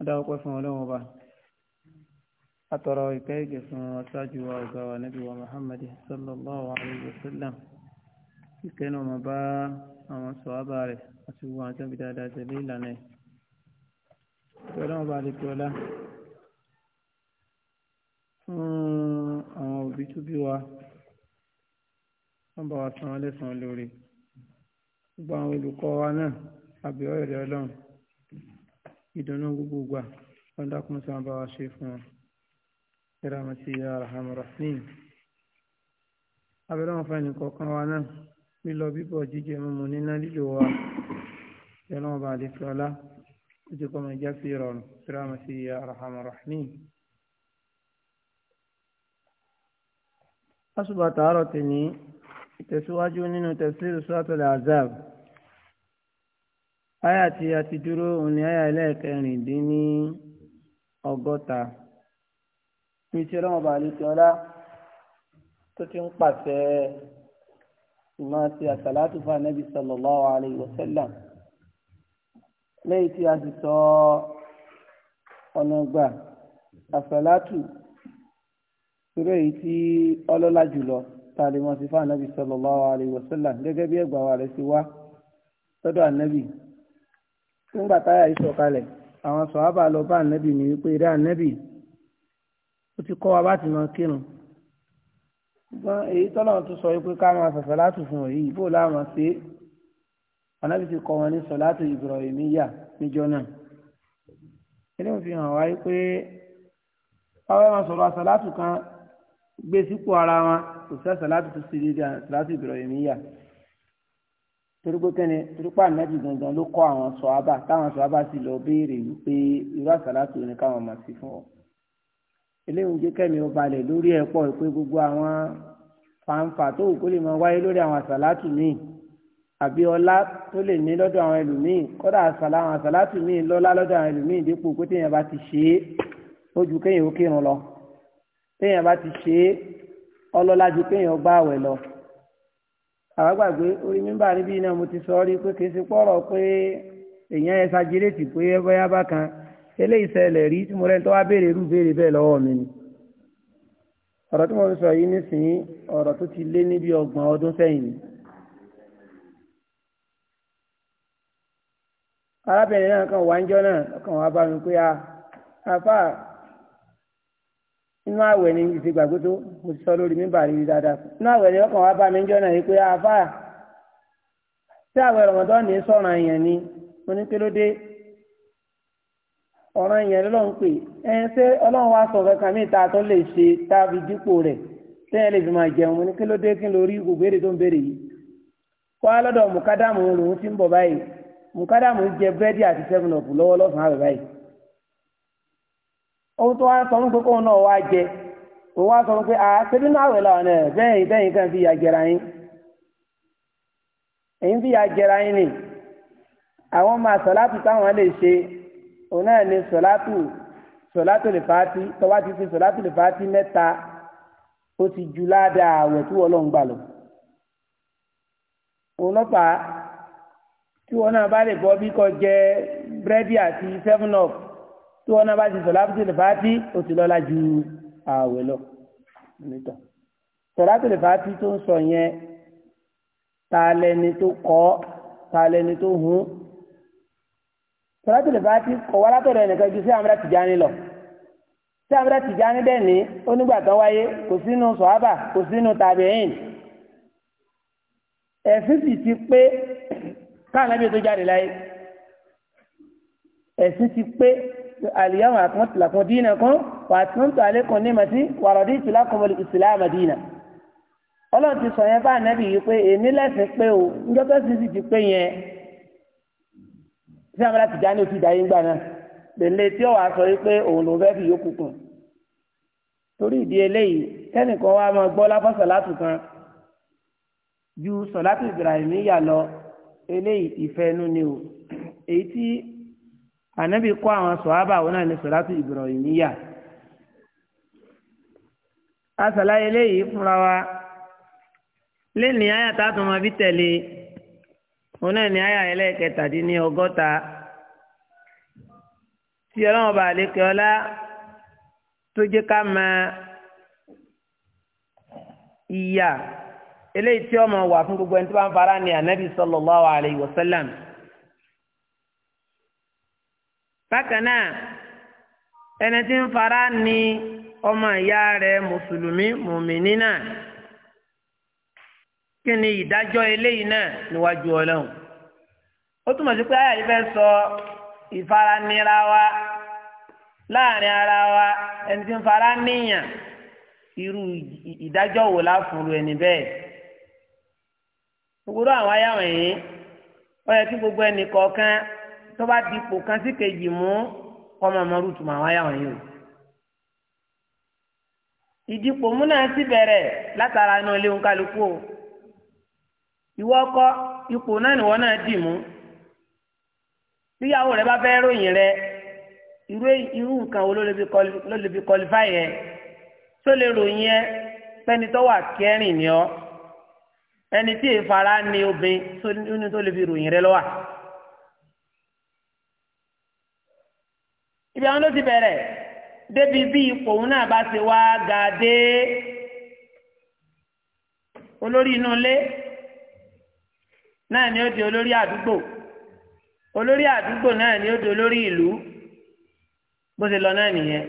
adáwọ́pẹ́ fún ọlọ́run ọba atọ̀rọ̀ ìpẹ́ ìgẹ̀ fún ọ̀ṣájú wa ọ̀gá wa nábì wa Muhammad sallallahu alayhi wa sallam ìkẹ́nu ọmọ bá àwọn sọ̀hábà rẹ̀ àti gbogbo àwọn tẹ́bi dáadáa tẹ̀lé ìlànà ẹ̀ tí ọlọ́run ọba lè fi ọlá fún àwọn òbí tó bí wa wọ́n bá wa san lẹ́sàn-án lórí gbogbo àwọn olùkọ́ wa náà àbí ọ̀rẹ́ ọlọ́run ìdùnnú gbogbo gbà wọn dákun sáà bá wa ṣe fún wọn ẹ̀rọ àmọ́ sí arahamu rahim abẹ́rẹ́ wọn fẹ́ni kọ̀ọ̀kan wa náà lílọ bíbọ̀ jíjẹ mímu níná lílo wa ẹ̀rọ wọn bá ọlá ojú kọ́ máa sí ìrọ̀rùn ẹ̀rọ àmọ́ sí arahamu rahim. asùbàtà àárọ̀ tèmi ìtẹ̀síwájú nínú tafsir suratul azab àyà tí a ti dúró òun ni àyà ẹlẹ́ẹ̀kẹrìndínní ọgọ́ta ní ti ọlọ́wọ́n bá lè ti ọlá tó ti ń pàṣẹ ìmọ̀ àti àsàlátù fún anábì sallallahu alaihi wasallam lẹ́yìn tí a ti sọ ọ̀nà gbà àsàlátù irú èyí tí ọlọ́lá jùlọ ta lè mọ̀ sí fún anábì sallallahu alaihi wasallam gẹ́gẹ́ bí ẹgbàá wa rẹ̀ ti wá lọ́dọ̀ anábì nígbà táyà yìí sọ̀kalẹ̀ àwọn sọ̀hábà lọ bá ànẹ́bì ní wípé eré ànẹ́bì ó ti kọ́ wa bá ti máa kírun ṣùgbọ́n èyí tọ́lọ́run tó sọ wípé ká máa fẹ̀fẹ̀ láti fún òyì ìbò láwọn ṣe é ànẹ́bì ti kọ́ wọn ní sọ̀láàtù Ibrahimiyya níjọ́ náà ilé òfin hàn wáyé pé báwọn máa sọ̀rọ̀ àsàlátù kan gbé sípò ara wọn kò sí àsàlátù tó ṣe déédéé àsàlátù Ibrahimiyya torípé kẹ́ni torípé ànábì gangan ló kọ́ àwọn sọ̀hábà táwọn sọ̀hábà sì lọ béèrè wípé irú àsàlátù ni káwọn máa sí fún ọ. eléyìí ń jẹ́ kẹ́mi ó balẹ̀ lórí ẹ̀ pọ̀ pé gbogbo àwọn fàǹfà tó wù kó lè máa wáyé lórí àwọn àsàlátù míì àbí ọlá tó lè ní lọ́dọ̀ àwọn ẹlòmíì kọ́dà àsàlá àwọn àsàlátù míì lọ́lá lọ́dọ̀ àwọn ẹlòmíì dípò pé téèyàn bá ti ṣe é ó ju kéèyàn ó kírun lọ téèyàn bá ti ṣe é ọlọ́lá ju kéèyàn ó gbààwẹ̀ lọ àwa gbàgbé orí mímbà níbí náà mo ti sọ ọ́ rí pé kì í ṣe pọ́rọ̀ pé èèyàn ẹ ṣàjírètì pé ẹ bọ́yá bákan eléyìí ṣẹlẹ̀ rí tí mo rẹ́ tó wá béèrè irú béèrè bẹ́ẹ̀ lọ́wọ́ mi ni. ọ̀rọ̀ tí mo sọ yìí nísìnyí ọ̀rọ̀ tó ti lé níbi ọgbọ̀n ni. arábìnrin náà kàn wá ń jọ náà kàn wá bá mi a ah, àfáà inú àwẹ̀ ni ìfigbàgbó tó mo ti sọ lórí mímbà rí dáadáa inú àwẹ̀ ni ọkàn wa bá mi ń jọ́nà yìí pé afá tí àwẹ̀ ní sọ̀rọ̀ ni mo ní pé ló ọ̀ràn èèyàn ló pè ẹ ṣé ọlọ́run wa ta tó lè ṣe a dípò rẹ̀ tẹ́yẹ lè fi máa jẹun mo ní pé kí n lórí gbogbo èrè tó ń béèrè yìí mùkádàmù lòún ti ń bọ̀ báyìí mùkádàmù jẹ àti seven ohun tó wá ń sọ fún kókó náà wá jẹ òun wá sọ fún pé àṣírí náà wẹ̀ làwọn náà bẹ́ẹ̀ bẹ́ẹ̀ kan fi àjẹrà yín èyí fi àjẹrà yín ni àwọn ọmọ àsọ̀látù táwọn lè ṣe òun náà ni sọ̀látù sọ̀látù lè fàátì tọ́wá ti fi sọ̀látù lè fàátì mẹ́ta ó ti ju ládàá àwẹ̀ tí wọ́n lọ ń gbà lọ. òun tí wọ́n náà bá lè bọ́ bí kò jẹ búrẹ́dì àti seven up tí wọn náà bá ti sọlá tó lè fàátì ó ti lọ́lá ju ààwẹ̀ lọ nítọ̀ sọlá tó lè fàátì tó ń sọ yẹn ta lẹni tó kọ́ ta lẹni tó hun sọlá tó kọ̀ wá látọ̀dọ̀ ẹnìkan ju sí Amara Tijani lọ sí Amara Tijani dẹ̀ ní onígbà tó wáyé kò sínú sọ̀hábà kò sínú tàbíyìn ẹ̀sìn sì ti pé káànábì tó jáde láyé ẹ̀sìn ti pé اليوم أكملت لكم دينكم وأتممت عليكم نعمتي ورضيت لكم الإسلام دينا ọlọ́run ti sọ yẹn bá ànábì yìí pé èmi lẹ́sìn pé o níjọ́ tó sì sì ti pé yẹn sí àwọn láti dání òfin ìdáyé ńgbà náà lèlè tí ó wàá sọ yìí pé òun ló fẹ́ fi yókù kùn torí ìdí eléyìí kẹ́nìkan wa máa gbọ́ lábọ́sọ̀ látù kan ju sọ̀látù Ibrahimiyya lọ eléyìí ìfẹ́ nu ni o èyí tí ànábì kọ́ àwọn sọ̀hábà wọn náà ní sọ̀ràtù ìbùrọ̀yìníyà asàlàyé léyìí fúnra wa lẹ́ni àyà tá máa fi tẹ̀lé wọn náà ní àyà ẹlẹ́ẹ̀kẹtàdínní ọgọ́ta tí ọlọ́run bá àlékè ọlá tó jẹ́ ká máa ìyà eléyìí tí ọmọ wà fún gbogbo ẹni bákan náà ẹni tí ń fara ni ọmọ ìyá rẹ̀ mùsùlùmí mùmìnì náà kí ni ìdájọ́ eléyìí náà níwájú ọlọ́run ó túmọ̀ sí pé àyà yìí fẹ́ sọ ìfaranira wa láàrin ara wa ẹni tí ń fara níyàn irú ìdájọ́ wò láfuru ẹni bẹ́ẹ̀ àwọn ayáwọ̀ yìí yẹ kí gbogbo ẹnì tó bá di ipò kan sí kejì mú kọ́mọ ọmọ rúùtù mà wáyà wọn yìí o. ìdìpò mú náà sì bẹ̀rẹ̀ látara inú ilé oníkálukú o ìwọ kọ́ ipò náà nìwọ náà dì mú tíyàwó rẹ bá fẹ́ ròyìn rẹ irú irú nǹkan wo ló lè fi qualify yẹ tó lè ròyìn yẹ pẹ́ni tó wà kẹ́rìn ni ọ́ ẹni tí èèfara ni obìnrin tó lè fi ròyìn rẹ lọ́wọ́. ibi àwọn ló ti bẹ̀rẹ̀ débi bí ipò òun náà bá ti wá ga dé olórí inú ilé náà ni ó di olórí àdúgbò olórí àdúgbò náà ni ó di olórí ìlú bó ti lọ náà nìyẹn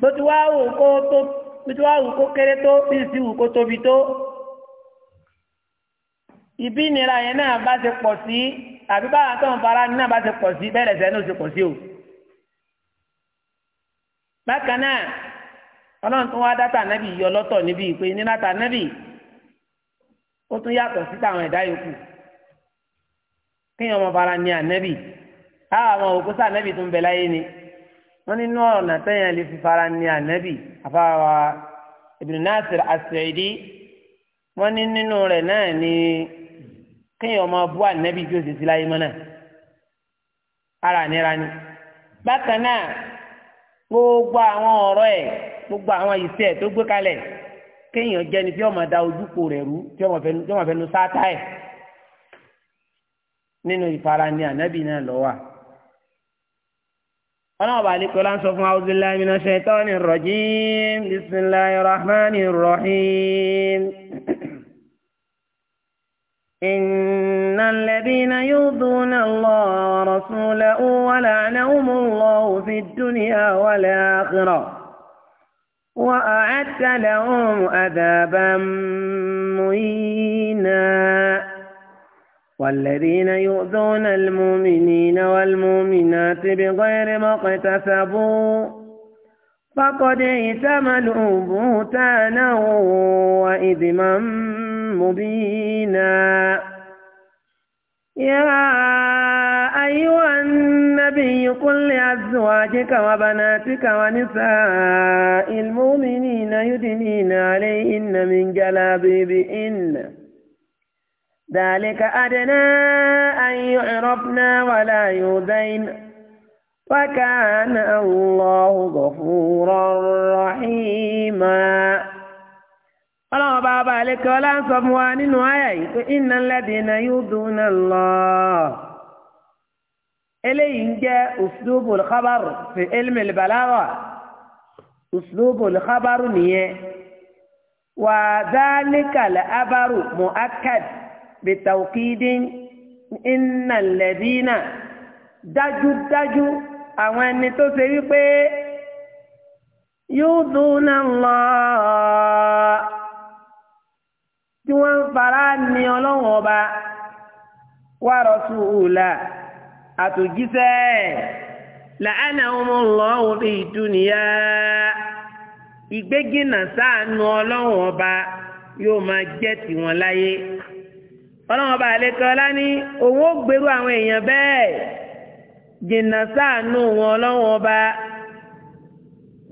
bó ti wá wù kó tó bó ti wá wù kó kéré tó bí sì wù kó tóbi tó ìbí ìnira yẹn náà bá ti pọ̀ sí àbí báwọn tó náà bá ti pọ̀ sí bẹ́ẹ̀ lẹ́sẹ̀ náà ti pọ̀ sí o bákan náà ọlọ́run tó wá dátà nábì yọ lọ́tọ̀ níbi ìpè nínú àtà nábì ó tún yàtọ̀ sí tàwọn ẹ̀dá yòókù kéèyàn ọmọ bara ní ànábì àwọn òkú sí tó ń bẹ láyé ni wọ́n nínú ọ̀nà tẹ́yàn lè fi fara ní ànábì àfàwà Ibn Nasir As-Sa'idi wọ́n ní nínú rẹ̀ náà ni kéèyàn ọmọ bú ànábì tí ó sì sí láyé mọ́ náà ara nira ni bákan náà gbogbo àwọn ọ̀rọ̀ ẹ̀ gbogbo àwọn ìṣe ẹ̀ tó gbé kalẹ̀ kéèyàn jẹni tí ọmọ da ojúkò rẹ̀ rú tí ọmọ fẹnu sáátá ẹ̀ nínú ìfarani ànábì náà lọ́wọ́ ọlọ́run bá alekọ la ń sọ fún auzubillahi minash shaitani rrajim bismillahir rahmanir rahim. إن الذين يؤذون الله ورسوله ولعنهم الله في الدنيا والآخرة وأعد لهم عذابا مهينا والذين يؤذون المؤمنين والمؤمنات بغير ما اكتسبوا فقد اعتملوا بهتانا وإثما مبينا يا أيها النبي قل لأزواجك وبناتك ونساء المؤمنين يدنين عليهن من جلابيبهن ذلك أدنى أن يعرفنا ولا يؤذين وكان الله غفورا رحيما ọlọ́run ọba ọba àlekẹ́ ọlá ń sọ fún wa nínú àyà yìí pé iná lẹ́dínà yóò dùn lọ. eléyìí ń jẹ́ uslubu lxabaru fi ilmi balagha uslubu lxabaru nìyẹn wà dhalika lxabaru mu'akkad bitawkidin iná lẹ́dínà dájúdájú. àwọn ẹni tó ṣe wípé yóò dúnà lọ tí wọ́n fara ní ọlọ́run ọba wà rọ́tù òòlà àtòjíṣẹ́ làánà ọmọ ọlọ́run fi ìdúnìyà ìgbégínà sáànù ọlọ́run ọba yóò máa jẹ́ tiwọn láyé ọlọ́run ọba àlekọ́lá ní òun ó gbèrú àwọn èèyàn bẹ́ẹ̀. jìnnà sáànù wọn ọlọ́wọ́n ọba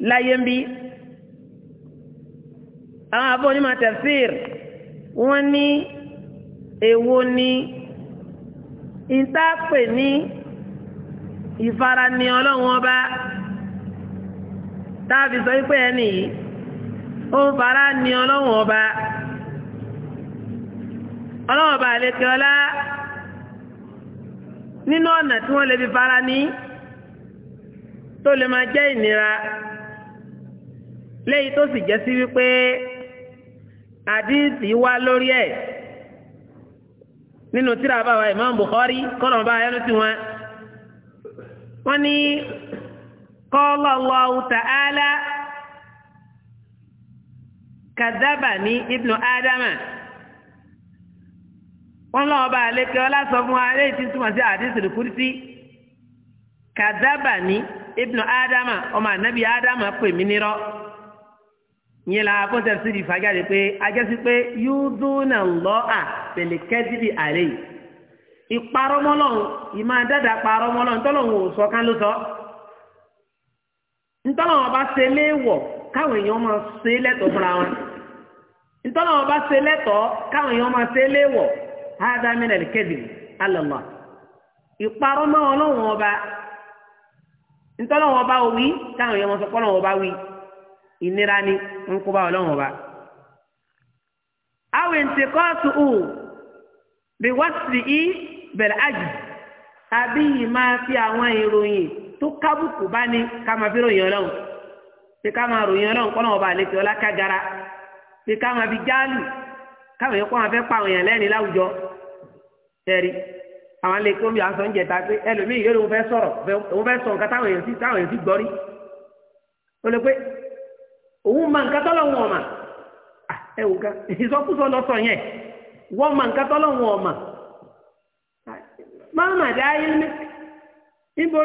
láyé ń bí. àwọn àbọ̀ onímọ̀ tafsir wọ́n ní èwo ni ìtàpè ní ìfarani ọlọ́wọ́n ọba táàbì sọ pé ẹni yìí ó ń fara ni ọlọ́wọ́n ọba ọlọ́wọ́n ọba àlekè ọlá nínú ọ̀nà tí wọ́n lè fi fara ní tó lè máa jẹ́ ìnira léyìí tó sì jẹ́ sí wípé àdìsí wá lórí ẹ̀ nínú tíra báwa Imam Bukhari kọ́nà bá ẹnu tí wọ́n wọ́n ní qala Allahu ta'ala kadhabani ibnu ádámà. wọn lọ ọba àlékè ọlá sọ fún wa eléyìí tí ń túmọ̀ sí àdísìrì kúrísí kàdábà ní ibnu ádámà ọmọ ànábì ádámà pè mí la kó di ìfagáde pé pé yúdúnà lọ́à pèlè kẹ́dìbì àlẹ́ yìí ìparọ́mọ́lọ́hún ìmọ̀ àdáda parọ́mọ́lọ́hún tọ́lọ́hún ò sọ ló sọ ṣe léèwọ̀ káwọn èèyàn máa ṣe lẹ́tọ̀ọ́ fúnra wọn ṣe lẹ́tọ̀ọ́ káwọn hádà mí nàlẹ́ kẹ́dìrì alọ́lá ìparọ́ mọ́ ọlọ́run ọba ntọ́lọ́run ọba wí táwọn yẹn wọn sọ pé ọlọ́run ọba wí ìnira ni ń kó bá ọlọ́run ọba. àwọn ìntìkọ́sù ù bí wọ́n sì í bẹ̀rẹ̀ àjù yìí máa fi àwọn ìròyìn tó káwọn yẹn kó wọn fẹ́ pa àwọn èèyàn lẹ́rìn láwùjọ tẹ́rí àwọn lè kó mi elu ń jẹta pé ẹlòmíì yóò lóun fẹ́ òun sọ nǹkan táwọn èèyàn sì táwọn èèyàn sì gbọ́ rí ó lè pé òun mọ nǹkan tọ́lọ̀ wọn ọ̀mà ẹ wò ká ìsọkúsọ lọ́sọ yẹn wọ́n mọ nǹkan tọ́lọ̀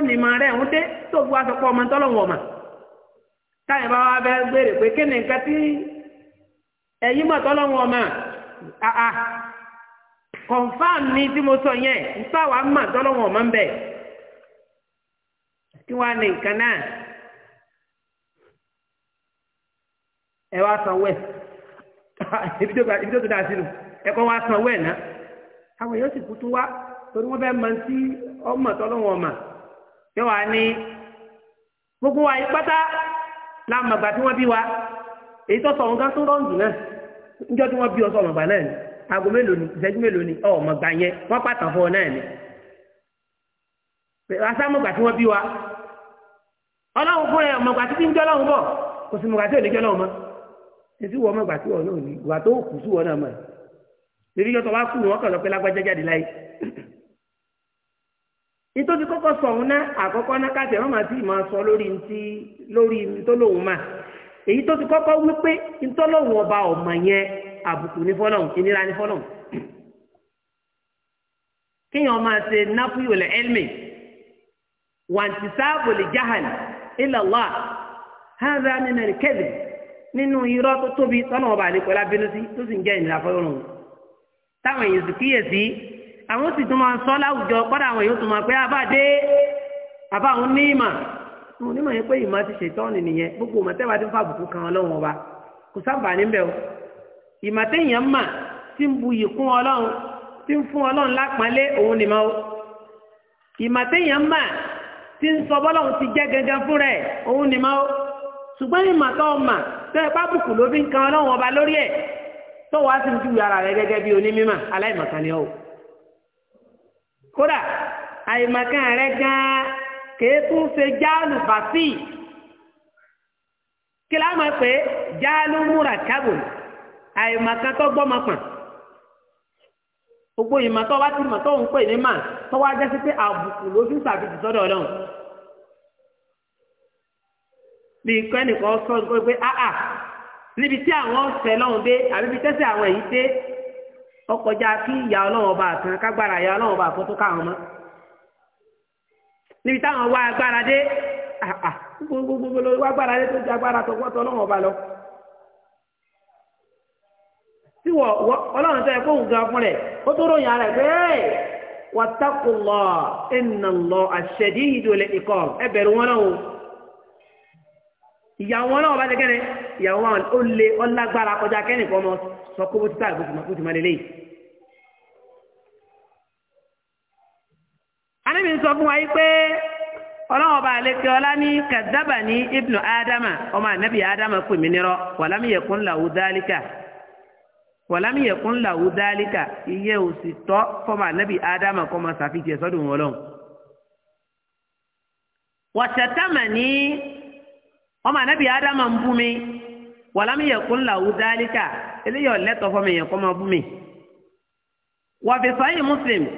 ni ma rẹ̀ ń dé tó bu aṣọ ọmọ tọ́lọ̀ wọn ọ̀mà táyà bá wà gbére pé kí ni nǹkan tí mọ̀ àà kọ̀ǹfàm ní tí mo sọ yẹn nípa wàá mà tọ́lọ́wọ̀n ọ̀mọ́ ń bẹ̀ kí wàá ní nǹkan náà ẹ wá sanwó ẹ ibi tó tó dáa sínú ẹ kọ́ wá sanwó ẹ àwọn èèyàn sì wá torí sí ọmọ ní gbogbo wa yìí níjọ́ tí wọ́n bí ọsọ ọmọgbà náà ni aago mélòó ni ìṣẹ́jú mélòó ni ọmọgbà yẹn wọ́n pàtàn fún ọ náà ni asámọ̀gbà tí wọ́n bí wa ọlọ́run fún ẹ ọmọgbà títí ń jẹ́ ọlọ́run bọ̀ kò sí mọ̀gbà tí ò ní jẹ́ ọlọ́run mọ́ èsì wọ ọmọgbà tí wọn náà ní ìwà tó kù sí wọn náà mọ̀ èyí yọtọ̀ wá kú wọn kàn lọ pé lágbájá jáde láyé nítorí kọ́kọ́ sọ òun náà àkọ́kọ́ náà káṣẹ̀ wọ́n máa ti máa sọ lórí ntí lórí tó lóun èyí tó ti kọ́kọ́ wípé ọba ọmọ yẹn àbùkù ní fọlọ́hùn ìnira ní fọlọ́hùn kéèyàn máa ṣe náfúyò lẹ ẹlmì wàǹtí sáàbò lè ìlàlá hànzá nínú kẹbì nínú irọ́ tó tóbi tọ́nà ọba àlekọ́ lábínú sí tó sì ń jẹ́ ìnira fọlọ́hùn táwọn èèyàn sì kíyèsí àwọn sì tún máa ń sọ láwùjọ kọ́dà àwọn èèyàn tún máa pẹ́ àwọn onímọ̀ yẹn pé ìmọ̀ ti ṣètọ́ọ̀nì nìyẹn gbogbo ìmọ̀ tẹ́wàá ti ń fàbùkù kan ọlọ́run ọba kò sábà níbẹ̀ o ìmọ̀ téèyàn mà ti ń buyì kún ọlọ́run ti ń fún ọlọ́run lápọ́nlé òun nìmọ̀ o ìmọ̀ téèyàn mà ti ń sọ bọ́lọ́run ti jẹ́ gangan fún rẹ̀ òun nìmọ̀ o ṣùgbọ́n ìmọ̀ tó o mà tó ẹ pàbùkù ló fi ń kan ọlọ́run ọba lórí ẹ̀ tó wàá sì ń ju ara o kódà àìmọ̀kan rẹ̀ kèé tún ṣe jáàlù bàtì kí la máa pè é jáàlù múra kábò àìmọ̀kan tó gbọ́ máa pọ̀n gbogbo ìmọ̀ tó wá ti mọ̀ tó ń pè ní mà tó wá jẹ́ sí pé àbùkù ló fi ń ṣàfihàn sọ́dọ̀ ọlọ́run bí kẹ́nìkan sọ pé pé áà níbi tí àwọn ọ̀sẹ̀ lọ́hùn dé àbí ibi tẹ́sẹ̀ àwọn èyí dé ọkọjá kí ìyá ọlọ́run ọba àtàn kágbára ìyá ọlọ́run ọba àtàn tó káwọn mọ́. níbi táwọn wá agbára dé ah, ah, gbogbo ló wá agbára dé tó di agbára tó ọba lọ. tí wọ ọlọ́run tẹ gan tó ròyìn ara ẹ wọn náà o ìyàwó wọn náà bá ti wọn anábì ń sọ fún wa yìí pé ọlọ́wọ́n ọba àlekè ọlá ní kàdábà ní ibnu ádámà ọmọ ànábì ádámà pè mí nírọ́ wàlámì yẹkùn làwù dálíkà wàlámì yẹkùn làwù dálíkà iye òsì tọ́ fọmọ ànábì ádámà kọ́ máa sàfihàn sọ́dún wọn lọ́wọ́ ní ọmọ ànábì ádámà ń bú mi wàlámì làwù dálíkà eléyìí ọ̀lẹ́tọ̀ fọmọ yẹn kọ́ máa bú mi wàfẹ̀fẹ̀ yìí mùsùlùmí.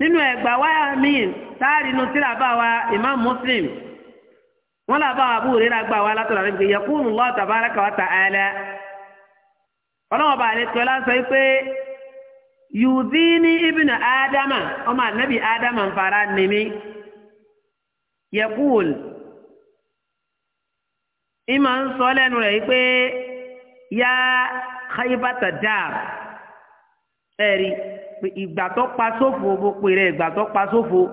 nínú ẹgbà wáyà míì táàrí inú tíra bá wa imam muslim wọn là bá wa bú rírà gbà wá látọ̀rọ̀ àti gbé yakunu Allah tabaraka wa ta'ala ọlọ́wọ́ bá lè tọ́lá sọ pé yùdíní ibnu ádámà ọmọ ànábì ádámà ń fara nìmi yakul ìmọ̀ ń sọ lẹ́nu rẹ̀ pé yá khaybata daa ẹ̀rí. ìgbà tó pa sófo bó pèrè ìgbà tó pa sófo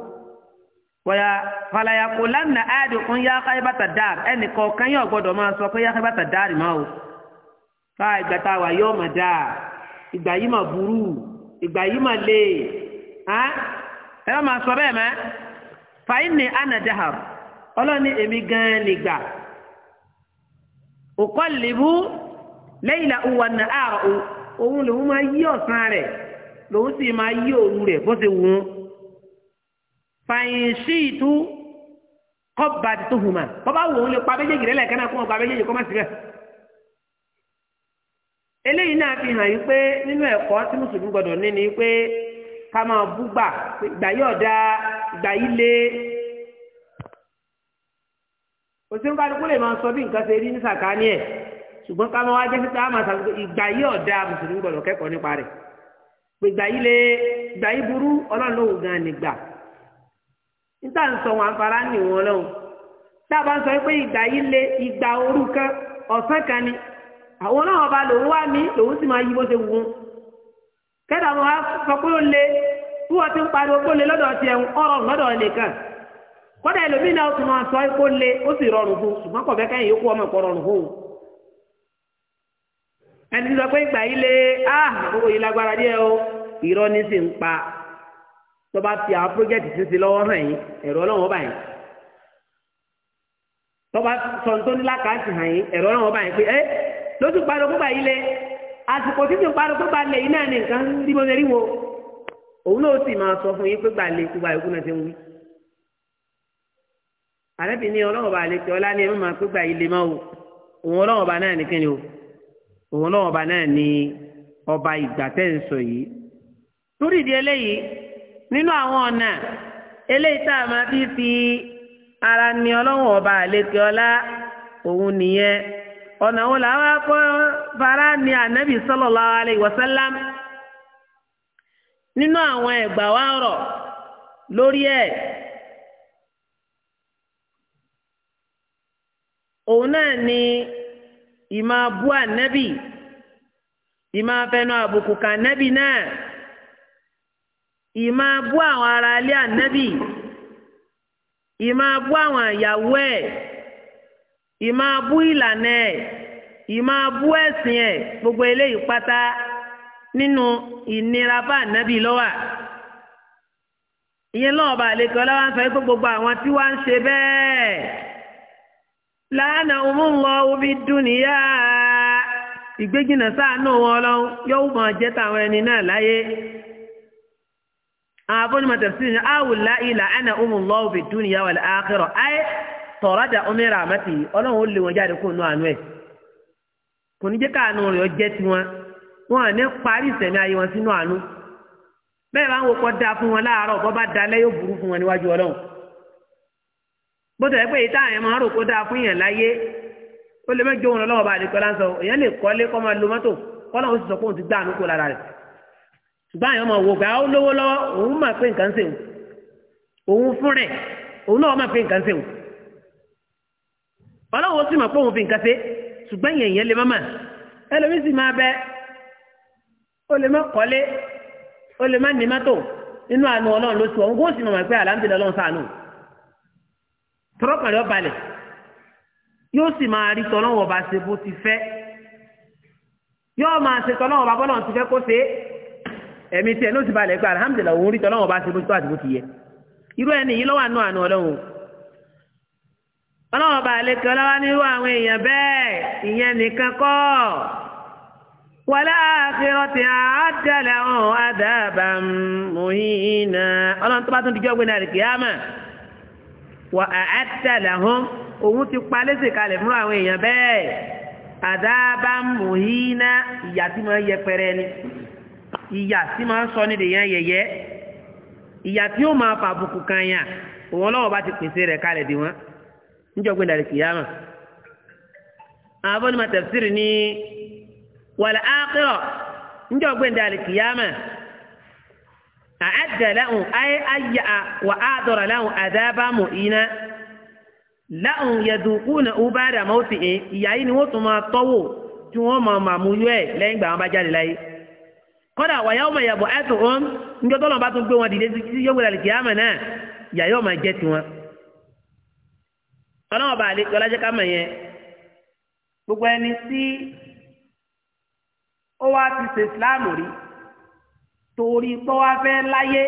bóyá falayako lánàá áàdì kún yá káyébàtà dáàr ẹnì kọ̀ọ̀kan yóò gbọ́dọ̀ máa sọ pé yá káyébàtà dáàr máa o ká ìgbà tá a wà yóò mà dáa ìgbà yìí mà burú ìgbà yìí mà lé ẹ má sọ bẹ́ẹ̀ mẹ́ fàyín ní anadahar ọlọ́ni èmi gan-an nìgbà òkọ́ lèbú lẹ́yìn la òwò àná àrò òun lòun máa yí ọ̀sán rẹ̀. lòun sì máa yí òru rẹ̀ bó ṣe wù ú fàyìn sí ìtú kọ́ba tó hù mà bọ́bá wò ó lè pa méjèèjì lẹ́lẹ̀ kan náà kó wọn pa méjèèjì kọ́ má sí bẹ́ẹ̀. eléyìí náà fi hàn yín pé nínú ẹ̀kọ́ tí mùsùlùmí gbọ́dọ̀ ní ni pé ká máa bú gbà ìgbà yóò da ìgbà yìí lé òsín kálukú lè máa sọ bí nǹkan ṣe rí ní sàkáání ẹ̀ ṣùgbọ́n ká máa wá jẹ́ síta àmà ìgbà yóò da mùsùlùmí gbọ́dọ̀ kẹ́kọ̀ọ́ nípa rẹ̀. gbègbà yìí lé gbà yìí burú ọlọ́run ló wù gan nígbà níta ń sọ wọn afárá ní wọn lọ́hùn tá a ń sọ pé ìgbà yìí ìgbà kan ọ̀sán kan ni àwọn ọba lòun wá mí lòun sì máa yí bó ṣe wù wọn á sọ pé ó bí ti ń pariwo lọ́dọ̀ ọ̀rọ̀ lọ́dọ̀ nìkan kọ́dà ó máa ẹni tí sọ pé ìgbà yìí lé ah àkókò yìí lágbára díẹ̀ o irọ́ ní sì ń pa tó bá fi àwọn pírójẹ́tì sísè lọ́wọ́ hàn yín ẹ̀rọ ọlọ́wọ́ báyìí tó bá sọ tó ní lákàtì hàn yín ẹ̀rọ ọlọ́wọ́ báyìí pé ẹ lóṣù parọ́ pípa yìí lé àsìkò títí parọ́ pípa lé yìí náà ní nǹkan bí mo ṣe rí wo òun náà sì máa sọ fún yín pé gbà lé gbogbo àyòkú náà ṣe ń wí àrẹ́bìnrin ọlọ́wọ́ bá lè tẹ ọlá ní ẹ òun náà ọba náà ni ọba ìgbà tẹ́ ń sọ yìí lórí eléyìí nínú àwọn ọ̀nà eléyìí tá a máa fi fi ara ni ọlọ́wọ́n ọba àlékè ọlá òun nìyẹn ọ̀nà wo làwọn akọ fara ni ànábì sallallahu alaihi wasallam nínú àwọn ẹ̀gbà wa rọ̀ lórí ẹ̀ òun náà ni. ìmọ̀ abú ànẹ́bì ìmọ̀ afẹnu àbùkù kan ànẹ́bì náà ìmọ̀ abú àwọn ará ilé ànẹ́bì ìmọ̀ abú àwọn ìyàwó ẹ̀ ìmọ̀ abú ìlànà ẹ̀ ìmọ̀ abú ẹ̀sìn ẹ̀ gbogbo eléyìí pátá nínú ìnira bá ànẹ́bì lọ́wọ́ ìyẹn lọ́wọ́ bá àlekọ́ lọ́wọ́ ń sọ gbogbo àwọn tí wọ́n ń ṣe bẹ́ẹ̀. lánà òmùnlọ omi dúnìyà ìgbéjìnà sáànù wọn lọ́wọ́ yóò mọ̀ jẹ́ táwọn ẹni náà láyé àwọn abóyún tẹ̀sí ní a ilà ànà òmùnlọ omi dúnìyà wà láàkírọ̀ ayé tọ̀rọ̀dà a rà àmàtì ọlọ́run ó lé wọn jáde kó àánú ẹ̀ kò ní jẹ́ káànù rẹ̀ jẹ́ tiwọn wọn parí ìsẹ̀mí ayé wọn sínú àánú bẹ́ẹ̀ bá ń wọ́pọ̀ dáa fún wọn láàárọ̀ bọ́ bá dalẹ́ yóò burú fún wọn níwájú ọlọ́run bóta ẹ pé ìta àyàn máa ń rò kó dáa fún yàn láyé ó lè mẹjọ òun lọ́wọ́ bá àdìpẹ láǹsọ èèyàn lè kọ́lé máa lo mọ́tò kọlọ ó sì sọ pé òun ti gbá àánú kó lára rẹ̀ ṣùgbọ́n àyàn máa wò pé àwọn ah, olówó lọ́wọ́ òun máa pé nǹkan ṣe òun fún rẹ̀ òun náà máa pé nǹkan ṣe ọlọ́wọ́ sì máa pé òun fi nǹkan ṣe ṣùgbọ́n yẹn yẹn lè má ẹlòmí sì máa bẹ tọ́lọ́kàn rẹ̀ balẹ̀ yóò sì máa rí tọ́lọ́wọ̀n ọba ṣe bó ti fẹ́ yóò máa ṣe tọ́lọ́wọ̀n ọba bọ́lọ̀ ti fẹ́ kó ṣe ẹ̀mí tiẹ̀ ló ti balẹ̀ pé alihamudulilayi òun rí tọ́lọ́wọ̀n ọba ṣe bó ti tó àti bó ti yẹ irú ẹni yìí lọ́wọ́ àánú àánú ọlọ́run ọlọ́run ọba àlekè ọlọ́wọ́ nírú àwọn èèyàn bẹ́ẹ̀ ìyẹn nìkan kọ́ wàlá àfihàn àádẹ́lẹ̀ ọ̀hún àdàbà mọ̀hìnà ọlọ́run tó bá tún dijọ́ gbé náà rè kíámà wà àádá làhán òun ti pa lẹ́sẹ̀ kalẹ̀ fún àwọn èèyàn bẹ́ẹ̀ àdábà mòhínà ìyà tí máa ń yẹpẹrẹ ni ìyà tí máa ń sọ ní dèyàn yẹyẹ ìyà tí ó máa fàbùkù kan òun ọlọ́wọ́ bá ti pèsè rẹ̀ kalẹ̀ dè wọ́n níjọ́gbìn dàrí kìyàmà àwọn abọ́nimọ̀ ní wàlẹ́ ákírọ̀ níjọ́gbìn dàrí kìyàmà. أعد لهم أي أيأ وأعذر لهم عذابا مؤينا لهم يذوقون بعد موته يعني وتما طوو tí wọ́n máa máa mú yú ẹ̀ lẹ́yìn ìgbà wọn bá jáde wọn dìde sí yóò wẹ̀rẹ̀ torí pé wá fẹ́ láyé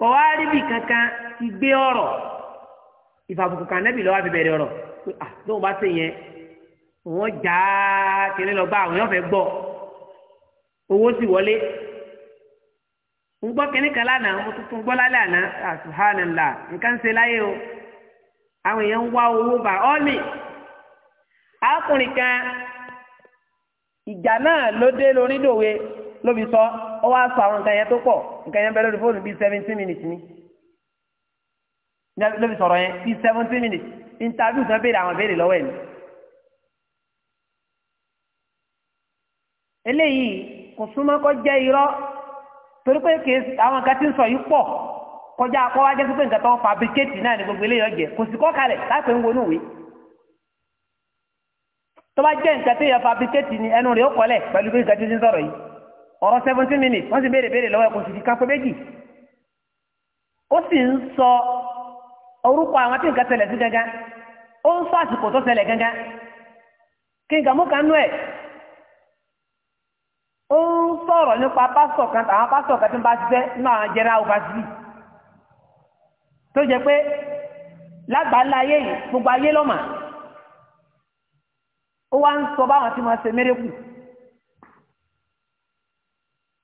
kọ́ wá rí bì kankan ti gbé ọ̀rọ̀ ìfàbùkù kan nẹ́bì lọ́wọ́ fi bẹ̀rẹ̀ ọ̀rọ̀ pé à ah, tóun bá ṣe wọ́n já kiri lọ bá àwọn èèyàn fẹ́ gbọ́ owó sì wọlé ń gbọ́ kínní kan lánàá mo tuntun gbọ́ lálẹ́ àná ah, subhanallah nǹkan ṣe láyé o àwọn èèyàn ń wá owó bá ọ́ọ̀lì arákùnrin kan ìjà náà ló dé lórí dòwe lóbi sọ ọ wá sọ àwọn nǹkan yẹn tó pọ̀ nǹkan yẹn bẹ lórí fóònù bíi seventeen minutes ni lóbi sọ̀rọ̀ yẹn bíi seventeen minutes interview sọ béèrè àwọn béèrè lọ́wọ́ ẹ̀ ni. eléyìí kò súnmọ́ kó jẹ́ irọ́ torí pé kì í àwọn nǹkan tí ń sọ yìí pọ̀ kọjá kọ́ wá jẹ́ pé nǹkan tó ń fabricate náà ni gbogbo eléyìí ọ̀jẹ̀ kò sì kọ́ kalẹ̀ láti ń wọnú wèé tó bá jẹ́ nǹkan tó yẹ fabricate ni ẹnu rẹ̀ ó kọ́lẹ̀ pẹ̀lú bí nǹkan tí ń sọ̀rọ̀ yìí ọ̀rọ̀ 17 minutes wọ́n sì béèrè béèrè lọ́wọ́ ẹ̀kọ́ sì fi kápẹ́ méjì ó sì ń sọ orúkọ àwọn tí nǹkan ṣẹlẹ̀ sí gangan ó ń sọ àsìkò tó ṣẹlẹ̀ gangan kí n gàmú kan nú ẹ̀ ó ń sọ̀rọ̀ nípa pásítọ̀ kan tàwọn pásítọ̀ kan tí ń bá ṣiṣẹ́ nínú àwọn jẹ́ra ọba sí tó jẹ́ pé lágbàálá ayé yìí gbogbo ayé lọ́mà ó wá ń sọ báwọn tí wọ́n ṣe mérekù.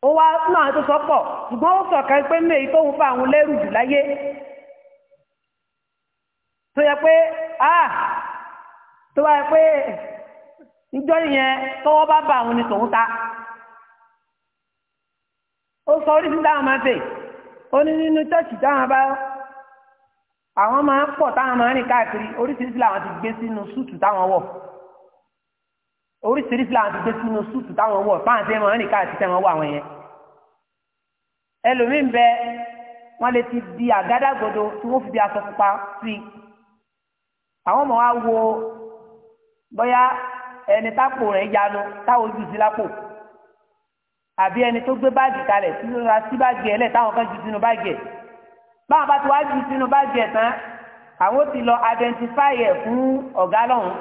ó wá náà tó sọ́pọ̀ ṣùgbọ́n ó sọ̀kan pé méyì tóun fa àwọn lẹ́rù jù láyé tó yẹ pé a ah, tó wáyé pé níjọ́ yẹn tọ́wọ́ bá bá àwọn ni tòun ta ó sọ oríṣi táwọn máa fè ó ní nínú chọ́ọ̀chì táwọn bá àwọn máa ń pọ̀ táwọn máa ń rìn káàkiri oríṣiríṣi làwọn ti gbé sínú súùtù táwọn wọ̀ oríṣiríṣi làwọn ti gbé sínú súùtù táwọn wọ̀ fáwọn rìn káàkiri àwọn yẹn. ẹlòmíì ń bẹ wọn lè ti di àgádágodo tí wọn fi di aṣọ pupa sí i àwọn ọmọ wa wo bóyá ẹni tápò rẹ yanu táwọn ojú sí lápò àbí ẹni tó gbé báàgì kalẹ̀ tí ó ra sí báàgì ẹ̀ lẹ̀ táwọn kan jù sínú báàgì ẹ̀ báwọn bá ti wá jù sínú báàgì ẹ̀ tán àwọn ti lọ identify ẹ̀ fún ọ̀gá lọ́hùn-ún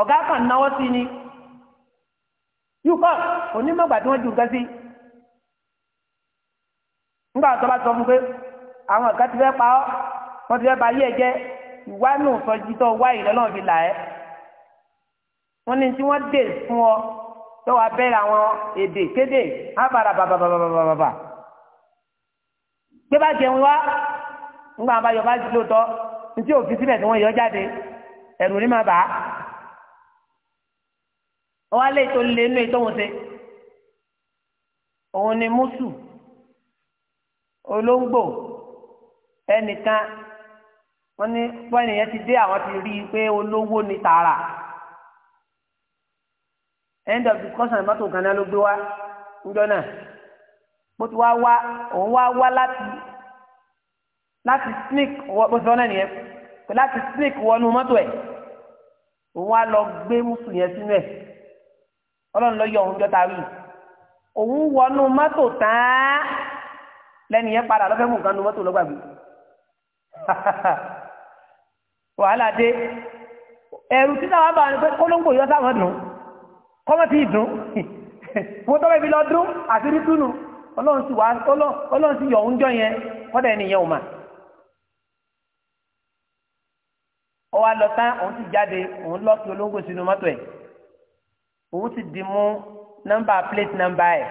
ọ̀gá kan náwó sí ni yóò kọ́ onímọ̀gbà tí wọ́n ju nǹkan sí nígbà tó bá sọ fún pé àwọn kan ti fẹ́ pa ọ́ wọ́n ti fẹ́ ba ayé ẹ̀ jẹ́ ìwá nù sọjí tó wá ìlọ́lọ́ fi là ẹ́ wọ́n ní tí wọ́n dè fún ọ tó wàá bẹ̀rẹ̀ àwọn èdè kéde ábàrà bàbàbàbàbàbà gbé bá jẹun wá nígbà wọn bá yọ bá jù lóòótọ́ ní tí òfin síbẹ̀ tí wọ́n yọ jáde ẹ̀rù ní má bàa ọwọ́ alẹ́ tó lé inú ètò òun ṣe òun ni mùsù olóńgbò ẹnìkan wọ́n ní pọ́ìnì yẹn ti dé àwọn ti rí i pé olówó ni tààrà end of discussion mọ́tò ganan ló gbé wá níjọ́ náà bó ti wá wá òun wá wá láti láti sneak wọ bó ti wọ́n náà nìyẹn láti sneak wọnú mọ́tò ẹ̀ òun wá lọ gbé mùsù yẹn sínú ẹ̀ ọlọ́run lọ yọ òun jọ tàwí òun wọnú mọ́tò tán lẹ́nu yẹn padà lọ́fẹ́ mú nǹkan nu mọ́tò lọ́gbàgbé wàhálà dé ẹ̀rù títà wà bá kólóńgbò yọ sáwọn dùn kọ́mọ́ tí ì dùn mo bẹ́ẹ̀ bí lọ dún àti rí túnú ọlọ́run sì wà ọlọ́run sì yọ òun yẹn kọ́dà ẹni yẹn ò mà. ọwọ́ àlọ́ tán òun sì jáde òun lọ́ọ́ fi olóńgbò sínú mọ́tò ẹ̀ òun ti dì mú nọ́mbà plate nọ́mbà ẹ̀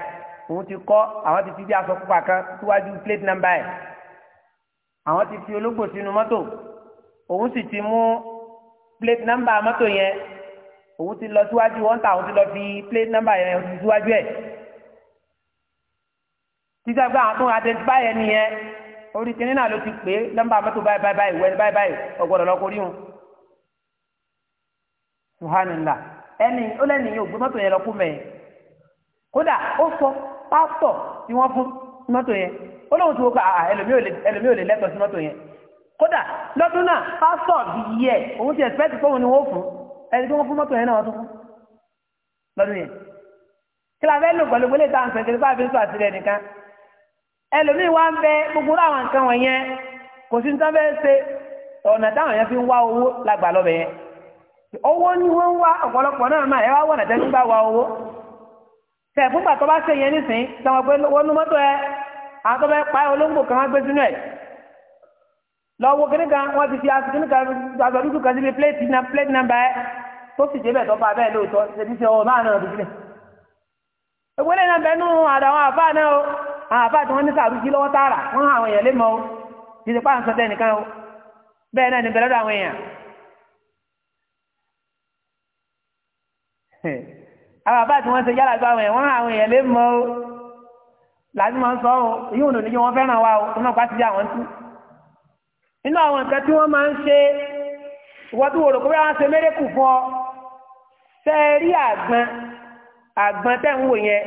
òun ti kọ́ àwọn ti fi bí aṣọ pupa kan síwájú plate nọ́mbà ẹ̀ àwọn ti fi ológbò sínú mọ́tò òun sì ti mú plate nọ́mbà mọ́tò yẹn òun ti lọ síwájú wọ́n ta òun ti lọ fi plate nọ́mbà yẹn òun ti síwájú ẹ̀ títí àgbà àwọn tó ń identify ẹni yẹn orí kìnìún náà ló ti pè é nọ́mbà mọ́tò báyìí báyìí báyìí wẹ́ẹ́ báyìí báyìí ọ̀gbọ́dọ̀ lọ́kọ́ rí wọn. subhanallah ẹni ó lẹ́ni yóò gbé mọ́tò yẹn lọ kú mẹ́ẹ̀ kódà ó sọ pásítọ̀ tí wọ́n fún mọ́tò yẹn ó lóun ti wo ká ẹlòmíì ò lè lẹ́tọ̀ọ́ sí mọ́tò yẹn kódà lọ́dún náà pásítọ̀ bí yẹ òun ti ẹ̀sìpẹ́tì fóun ni wọ́n fún ẹni tí wọ́n fún mọ́tò yẹn náà wọ́n tún fún lọ́dún yẹn kí la fẹ́ lò pẹ̀lú pé lè ta àǹfẹ̀ kiri bá a fi sọ àtìlẹ̀ nìkan ẹlòmíì wá ń bẹ gbogbo àwọn nǹkan wọ̀nyẹn kò sí ní sáfẹ́ ṣe ọ̀nà táwọn yẹn fi ń wá owó lágbàá lọ́bẹ̀ yẹn owó ni wọ́n ń wá ọ̀pọ̀lọpọ̀ náà máa ẹ wá wọ̀nà tẹ́ nígbà wa owó tẹ̀ fúngbà tó bá ṣe yẹn nísìn sọmọ pé wọ́n nu mọ́tò ẹ àwọn tó bá pa olóńgbò kan wọ́n gbé sínú ẹ̀ lọ́wọ́ kíníkan wọ́n ti fi aṣọ kíníkan aṣọ dúdú kan síbi plate number ẹ tó sì débẹ̀ tó bá bẹ́ẹ̀ lóòótọ́ ṣèbí ṣe ọmọ àná ọdún sílẹ̀. ìpínlẹ̀ náà bẹ́ẹ̀ nú àdàwọn àfáà náà o àwọn àfáà tí wọ́n ní sàrúkí lọ́wọ́ tààrà wọ́n hàn àwọn èèyàn lé mọ́ o ti ti pàǹsọ̀ tẹ́ bẹ̀rẹ̀ àwọn èèyàn àwọn àbá tí wọ́n ṣe yálà gba àwọn ẹ̀wọ̀n àwọn èèyàn lè mọ o láti máa ń sọ o yóò nù níjọ́ wọn fẹ́ràn wa o tó náà pàṣẹ àwọn tú. nínú àwọn nǹkan tí wọ́n máa ń ṣe ọ rí àgbọn àgbọn ń wò yẹn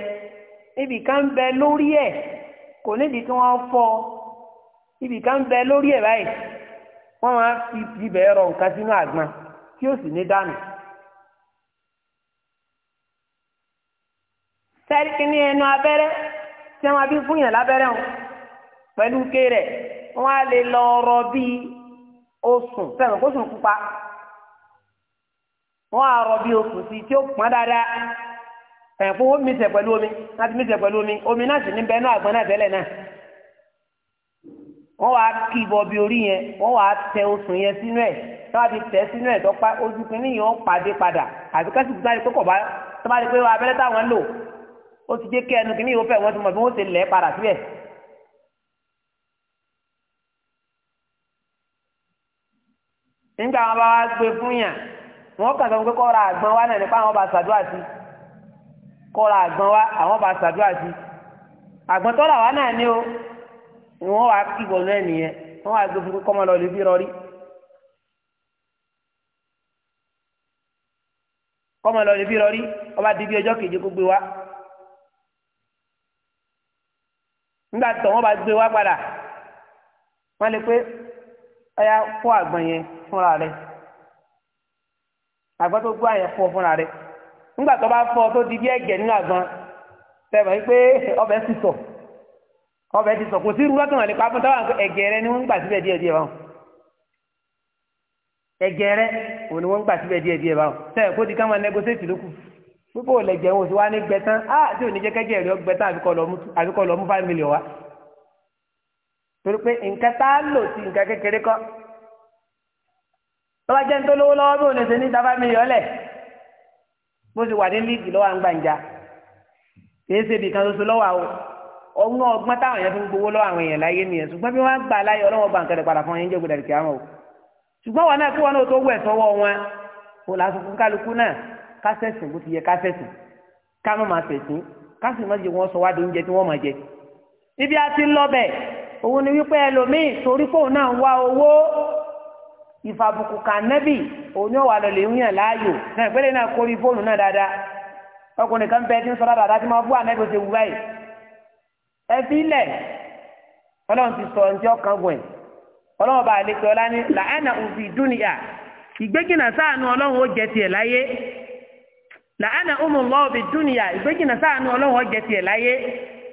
ibì kan ń bẹ lórí ẹ̀ kò níbi tí wọ́n ibì kan fi ibẹ̀ rọ nǹkan sínú sẹ́ríkì ní ẹnu abẹ́rẹ́ tí wọ́n bí fún yàn lábẹ́rẹ́ wọn pẹ̀lú ké rẹ̀ wọ́n á lè lọ ọrọ̀ bíi osùn sẹ́wọ̀n kó sùn pupa wọ́n á rọ bíi osùn sí tí ó pọ́n dáadáa sẹ́wọ̀n kó wọ́n mi tẹ̀ pẹ̀lú omi wọ́n ti mi tẹ̀ pẹ̀lú omi omi náà sì ní bẹ́ẹ̀ náà àgbọn náà tẹ́lẹ̀ náà wọ́n wá kí ibọ̀ bí orí yẹn wọ́n wá tẹ osùn yẹn sínú ẹ̀ tí ti tẹ̀ sínú ẹ̀ dọ́pá ojú kìíní yẹn ó pàdé padà àbíkẹ́sì tó bá pé kọ̀ bá tó bá pé abẹ́rẹ́ táwọn lò ó ti jẹ́ kí ẹnu kìíní ìwọ́fẹ́ wọn ti mọ̀ bí wọ́n ti lẹ̀ padà síbẹ̀. nígbà wọn bá wá gbé fún yàn wọn kàn sọ pé kọ́ra àgbọn wa náà nípa àwọn bá ṣàdúrà sí kọ́ra àgbọn wa àwọn bá ṣàdúrà sí àgbọn tọ́lá wa náà ní o wọn wá kíkọ náà nìyẹn wọn wá gbé fún pé kọ́mọ lọ lè fi rọrí. kọ́mọ lọ lè rọrí ọba dìbí ọjọ́ keje kó wa. nígbà tó wọ́n bá gbé wá padà wọ́n lè pé ọyá fọ àgbọn yẹn fúnra rẹ̀ àgbọn tó gbọ́ àyẹn fọ fúnra rẹ̀ nígbà tó bá fọ tó di bí ẹ̀gẹ́ nínú àgbọn tẹ̀wọ̀n pé ọbẹ̀ ti sọ ọbẹ̀ ti sọ kò sí irú lọ́tọ̀ wọn lè pa fún táwọn rẹ ni wọ́n ń gbà síbẹ̀ díẹ̀ díẹ̀ báwọn ẹ̀gẹ́ rẹ òun ni wọ́n ń gbà síbẹ̀ díẹ̀ díẹ̀ báwọn tẹ̀wọ̀n kó di ká máa nẹgọ́sẹ̀tì lókù pípò lẹ̀jẹ̀ wọn sì wá ní gbẹ̀tán á tí ò ní jẹ́ kẹ́jẹ́ rẹ̀ gbẹ̀tán àbíkọ́ lọ́mú five million wa torí pé nǹkan tá a lò sí nǹkan kékeré kọ́ tọ́ba jẹ́ nítorí lówó lọ́wọ́ bí òun lè ṣe ní five million lẹ̀ bó ti wà ní líìgì lọ́wọ́ à ń gbàǹjà kì í ṣe ibì kan ṣoṣo lọ́wọ́ àwọn ọgbọ́n ọgbọ́n táwọn èèyàn fi ń gbowó lọ́wọ́ àwọn èèyàn láyé nìyẹn ṣùgbọ́n bí wọ́n gbà láyé ọlọ́wọ́ ṣùgbọ́n wọn náà kí wọn náà tó wẹ̀ sọ́wọ́ wọn kò lásìkò kálukú náà kásẹ̀sìn bó ti yẹ kásẹ̀sìn ká má máa fẹ̀sìn kásìn má ti wọ́n sọ wádìí oúnjẹ tí wọ́n máa jẹ. ibi a ti ń lọ bẹ̀ òun ni wípé ẹlòmíì torí fóun náà ń wá owó ìfàbùkù kànẹ́bì òun ni ọ̀wà lọ́lẹ̀ ń yàn láàyò náà ìpínlẹ̀ náà kórí fóònù náà dáadáa ọkùnrin kan bẹ́ẹ̀ tí ń sọ dáadáa tí máa bú ànẹ́bì ṣe wú báyìí ẹ fi ilẹ̀ ọlọ́run ti sọ ǹjẹ́ ọkàn gùn ẹ̀ ọlọ́run bá àlejò ọlá ní làánà òfin dúnìyà ìgbégínà sáànù ọlọ́run ó jẹ tiẹ̀ láyé làánà ana bi nwa ìgbéjìnà sáànù ọlọ́run ọjẹ tiẹ̀ láyé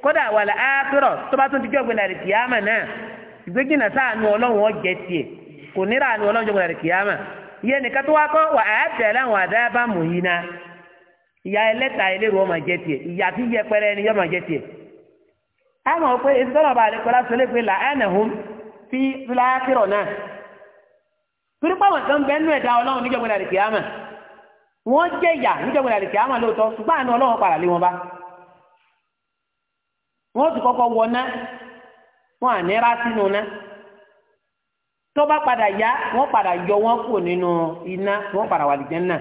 kódà wà lá ákérò tó ti jọ́ gbẹ̀dà rẹ̀ kìyàmà náà ìgbéjìnà sáànù ọlọ́run ọjẹ tiẹ̀ kò ní ràánù ọlọ́run jọ́ gbẹ̀dà rẹ̀ kìyàmà ìyẹn nìkan tó wa kọ́ wà á tẹ̀ láwọn àdáyébá mọ̀ yìí ìyá ẹlẹ́ta ẹlẹ́rù ọmọ jẹ yọmọ pé kọ́lá pé fi wọ́n jẹ́ ìyà níjọba ìyàlẹ̀ kìámà lóòótọ́ ṣùgbọ́n àná ọlọ́run padà lé wọn bá wọ́n ti kọ́kọ́ wọná wọn ànírà sínú ná tó bá padà yá wọ́n padà yọ wọ́n kù nínú iná wọn padà wà náà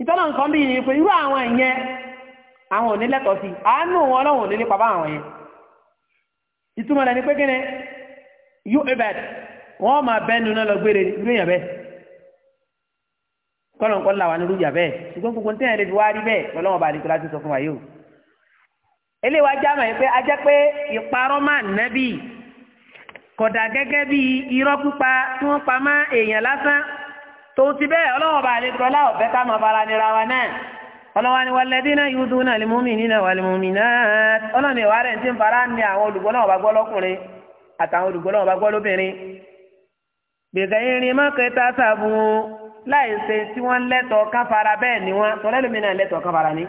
ìtọ́nà nǹkan bíi pé irú àwọn ìyẹn àwọn ò ní lẹ́tọ̀ọ́ àánú wọn ọlọ́run ò ní bá àwọn yẹn ìtumọ̀ kọ́nà kọ́ làwọn irú yà bẹ́ẹ̀ ṣùgbọ́n gbogbo ní tẹ́yìn lè fi wá rí bẹ́ẹ̀ lọ́lọ́wọ́ bá àdìgbò láti sọ fún wa yìí o. eléyìí wá já mọ̀ yìí pé ajẹ́ pé ìparọ́ máa nẹ́bì kódà gẹ́gẹ́ bí irọ́ pípa tí wọ́n pa mọ́ èèyàn lásán tó ti bẹ́ẹ̀ ọlọ́wọ́ bá àdìgbò láwọ̀ bẹ́ẹ̀ ká máa bára nira wa náà ọlọ́wọ́ ni walladhina yudhuna al-mu'minina wal-mu'minat ọlọ́ni ìwà rẹ̀ ti ń fara ní àwọn olùgbọ́ náà bá gbọ́ lọ́kùnrin àtàwọn olùgbọ́ náà bá gbọ́ lóbìnrin bèkẹ́ irin mọ́kẹ́ta láì ṣe tí wọ́n lẹ́tọ̀ọ́ ká fara bẹ́ẹ̀ ni wọ́n tọ́lẹ́ lómi náà lẹ́tọ̀ọ́ ká fara ni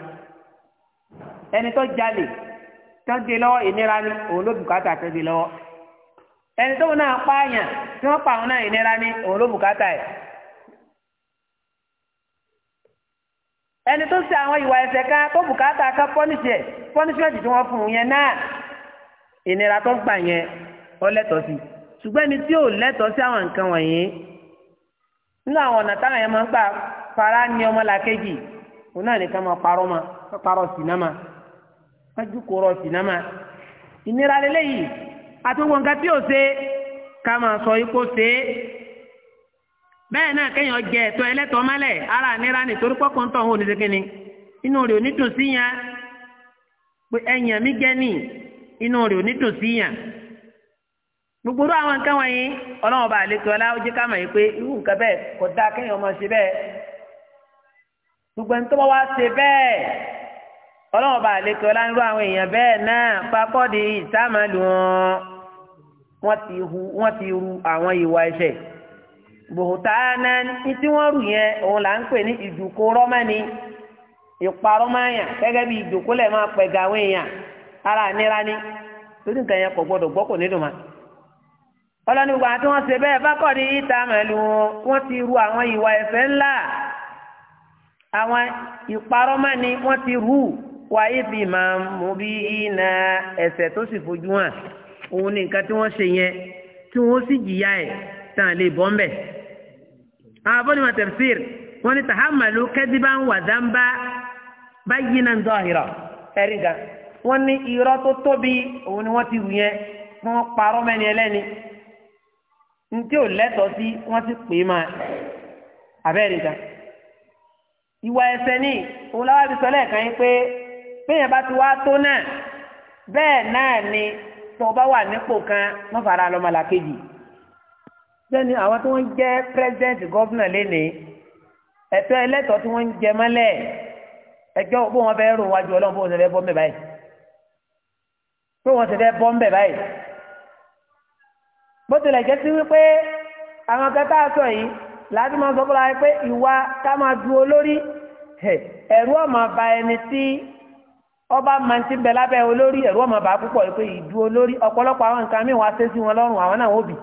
ẹni tó jalè tó gbé lọ́wọ́ ìnira ni òun ló bùkátà tó gbé lọ́wọ́ ẹni tó náà pààyàn tí wọ́n pa àwọn náà ìnira ni òun ló bùkátà ẹ̀ ẹni tó ṣe àwọn ìwà ẹ̀ṣẹ̀ kan tó bùkátà ká pọ́nìṣẹ̀ pọ́nìṣẹ̀tì tí wọ́n fún un yẹn náà ìnira tó gbà yẹn ó lẹ́tọ̀ọ́ sí ṣùgbọ́n ẹni tí ò nínú àwọn ọ̀nà táwọn yẹn máa ń gbà fara ní ọmọlàkejì òun náà nìkan máa parọ́ ma parọ́ sinama wájú sinama ìnira lélẹ́yìí àtúwò nǹkan tí ò ṣe ká máa sọ ipò ṣe é bẹ́ẹ̀ náà kéèyàn jẹ ẹ̀tọ́ ẹlẹ́tọ́ mọ́lẹ̀ ara nira nítorí pọ́kàn tó ń ní inú síyàn pé ẹ̀yàn mi nì inú gbogbo irú àwọn nǹkan wọ̀nyí ọlọ́run bá àlejò ọlá ó jẹ́ ká mọ̀ yìí pé irú nǹkan bẹ́ẹ̀ kò dáa kéèyàn máa ṣe bẹ́ẹ̀ gbogbo ẹni tó bá wá ṣe bẹ́ẹ̀ ọlọ́run bá àlejò ọlá irú àwọn èèyàn bẹ́ẹ̀ náà wọn ru àwọn ìwà bòtá náà tí wọ́n rù yẹn òun là ń pè ní ọlọ́ni gbogbo àti wọ́n ṣe bẹ́ẹ̀ bákọ̀ ní ìta mẹ́lú wọn wọ́n ti ru àwọn ìwà ẹ̀fẹ́ ńlá àwọn ìparọ́mọ́ni wọ́n ti rú wáyé bíi máa mú bí iná ẹ̀ṣẹ̀ tó sì fojú hàn òun ni nǹkan tí wọ́n ṣe yẹn tí wọ́n sì jìyà ẹ̀ tàn lè bọ́ mbẹ̀. àwọn abọ́ni ma tafsir ní tahamalu kẹ́díbà ń wà dánbá báyìí náà ń dọ̀ àhìrọ̀ ẹ̀rí ga wọ́n ní irọ́ tó tóbi òun ni wọ́n ti rù yẹn wọ́n parọ́ ẹlẹ́ni ntí ò lẹ́tọ̀ọ́ sí wọ́n ti pè é máa abẹ́rẹ́ ta ìwà ẹsẹ̀ ní òun láwa fi sọ lẹ́ẹ̀kan yín pé bẹ́ẹ̀yẹn bá ti wá tó náà bẹ́ẹ̀ náà ni tó o bá wà nípò kan wọ́n fara lọ́mọlá kejì bẹ́ẹ̀ni àwọn tí wọ́n jẹ́ pírẹ́sidẹ́ǹtì gọ́fúnà lénìí ẹ̀tọ́ ẹlẹ́tọ̀ọ́ tí wọ́n ń jẹ mọ́lẹ̀ ẹjọ́ bó wọn fẹ́ rò wájú ọlọ́run bó wọn ṣe fẹ́ bọ́ mbẹ̀ báyìí bó tilẹ̀ jẹ́ sí wípé àwọn kẹta sọ yìí láti máa sọ fúnra pé ìwà ká máa du olórí ẹ̀rú ọ̀mà ba ẹni tí ọba máa ti bẹ lábẹ́ olórí ẹ̀rú ọ̀mà bá púpọ̀ pé ìdu olórí ọ̀pọ̀lọpọ̀ àwọn nǹkan míì wá sé sí wọn lọ́rùn àwọn náà wò bì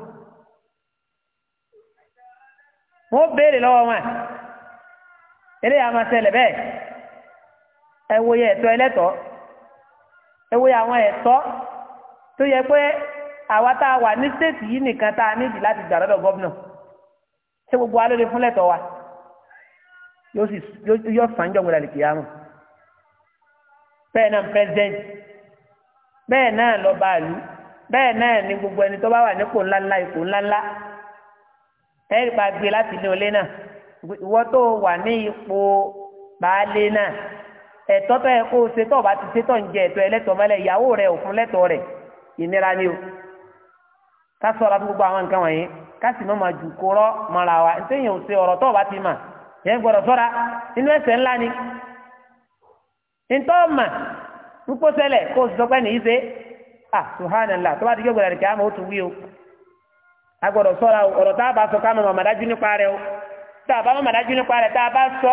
wọ́n béèrè lọ́wọ́ wọn eléyà máa ṣẹlẹ̀ bẹ́ẹ̀ ẹ ẹ̀tọ́ ẹlẹ́tọ́ ẹ àwọn ẹ̀tọ́ tó yẹ pé àwa tá a wà ní stéètì yìí nìkan tá a nídìí láti gbà lọ́dọ̀ gọ́vnà ṣé gbogbo wa ló lè fúnlẹ̀ tọ́ wa yóò sì yóò sàn jọ̀ wọlé àlìkìyà mọ̀ bẹ́ẹ̀ náà pẹ́sidẹ́ntì bẹ́ẹ̀ náà lọ́ba ìlú bẹ́ẹ̀ náà ni gbogbo ẹni tó bá wà nípò ńláńlá ipò ńláńlá ẹ̀rí pa gbé láti ilé olé náà ìwọ tó wà ní ipò baálé náà ẹ̀tọ́ tó yẹ kó o ṣe tó o bá ti ṣe tó ń jẹ ẹ̀tọ́ ẹlẹ́tọ̀ọ́ mọ́lẹ̀ ìyàwó rẹ òfin lẹ́tọ̀ọ́ rẹ̀ ìnira ni o. ká sọ̀rọ̀ fún gbogbo àwọn nǹkan wọ̀nyí ká sì ma máa jù kóró wa ntẹ́yìn a ṣe ọ̀rọ̀ tó o bá ti mà yẹn gbọ́dọ̀ sọ́ra inú ni ntọ́ mà nkpó ṣẹlẹ̀ kó o sọ pé nìyí ah o a gbọ́dọ̀ sọ́ra ọ̀rọ̀ tá sọ ká mọ̀ màdájú nípa rẹ̀ o tá a bá mọ̀dájú sọ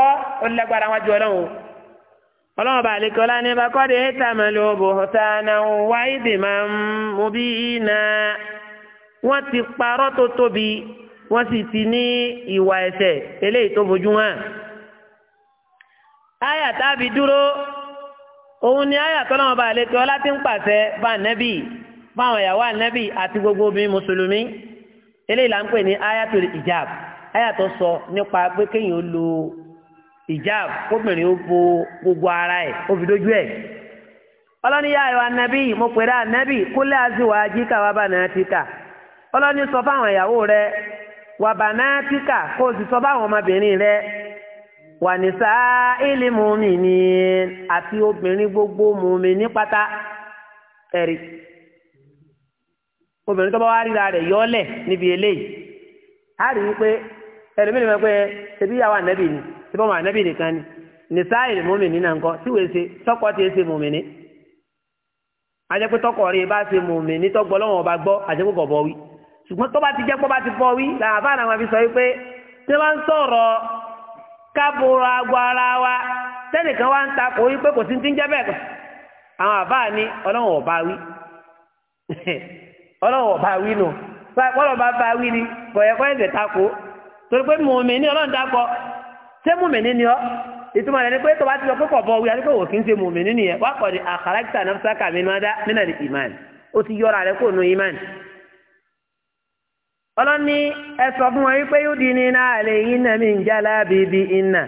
o. ọlọ́run ní bá kọ́ wọ́n ti parọ́ tó tóbi wọ́n sì ti ní ìwà ẹ̀ṣẹ̀ eléyìí tó bojú hàn. àyà tábì dúró òun ni àyà tọ́lọ́mọ bá àlejò ọlá ti ń pàṣẹ bá nẹ́bì fáwọn ìyàwó ànẹ́bì àti gbogbo obìnrin mùsùlùmí eléyìí là ń pè ní àyà tó ìjàb aya tó sọ nípa pé kéèyàn ó lo ìjàb kóbìnrin ó bo gbogbo ara ẹ̀ ó fi dójú ọlọ́ni yá ìwà ànẹ́bì mo pèrè ànẹ́bì kúlẹ̀ àti káwá bá nàá ti kà ọlọ́ni sọ fáwọn ìyàwó rẹ wà bànátíkà kó o sì sọ fáwọn ọmọbìnrin rẹ wà ní sáà ìlì mùmínì àti obìnrin gbogbo mùmínì pátá ẹ̀rí obìnrin tó bá wá ríra rẹ̀ yọ́lẹ̀ níbi eléyìí a rí wípé ẹlòmíràn máa pé ṣebí ìyàwó ànábì ni ṣebí ọmọ ànábì nìkan ni nìsáà ìlì mùmínì náà ńkọ́ tí wèé ṣe tọkọ ti ṣe mùmínì ajẹ́pẹ́ tọkọ rẹ̀ bá ṣe mùmínì tọgbọ́ lọ́wọ́ ọba gbọ́ ajẹ́pẹ́ kọ̀ bọ̀ wí ṣùgbọ́n tó bá ti jẹ́ pọ́ bá ti fọ́ wí làbá àwọn àfi sọ wípé tí wọ́n ń sọ̀rọ̀ kábòrò agbo ara wa tẹ́nìkan wá ń ta kò wípé kò sí ti ń jẹ́ bẹ́ẹ̀ àwọn àbá ni ọlọ́run ọba wí ọlọ́run ọba wí nù kọ́lọ̀ bá bá wí ni kọ̀yẹ́kọ́ ẹ̀sẹ̀ takò torí pé mùmí ni ọlọ́run dákọ̀ ṣé mùmí ni ni ọ́ ìtumọ̀ rẹ̀ ni pé tó bá ti lọ pé kọ̀ bọ̀ wí àti pé wò kí ń ṣe mùmí ni nìyẹn wákọ̀ ni àkàràkìtà náà sákà mi náà dá nínà ìmáànì ó ti yọra rẹ̀ kó nu ìmáànì ọlọ́ni ẹ sọ fún wọn wípé yóò di ní iná àlè yìí náà mi ń jálá bíbí iná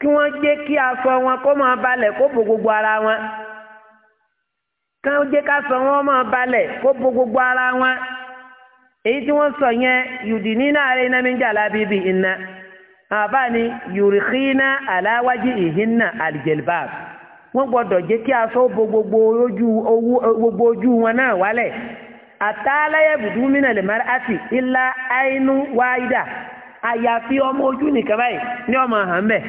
kí wọ́n jẹ́ kí aṣọ wọn kó máa balẹ̀ kó bo gbogbo ara wọn kí wọ́n jẹ́ káṣọ wọn máa balẹ̀ kó bo gbogbo ara wọn èyí tí wọ́n sọ yẹn yòdì ní iná àlè iná mi ń jálá bíbí iná àbá ni yorùkínà aláwájú ìhínà àlìjẹlbà wọ́n gbọ́dọ̀ jẹ́ kí aṣọ bo gbogbo ojú wọn náà wálẹ̀. àtàlàyé bùdú mínà lè mara àti ilá àìnú wáyídà àyàfi ọmọ ojú nìkan báyìí ọmọ hàn bẹ́ẹ̀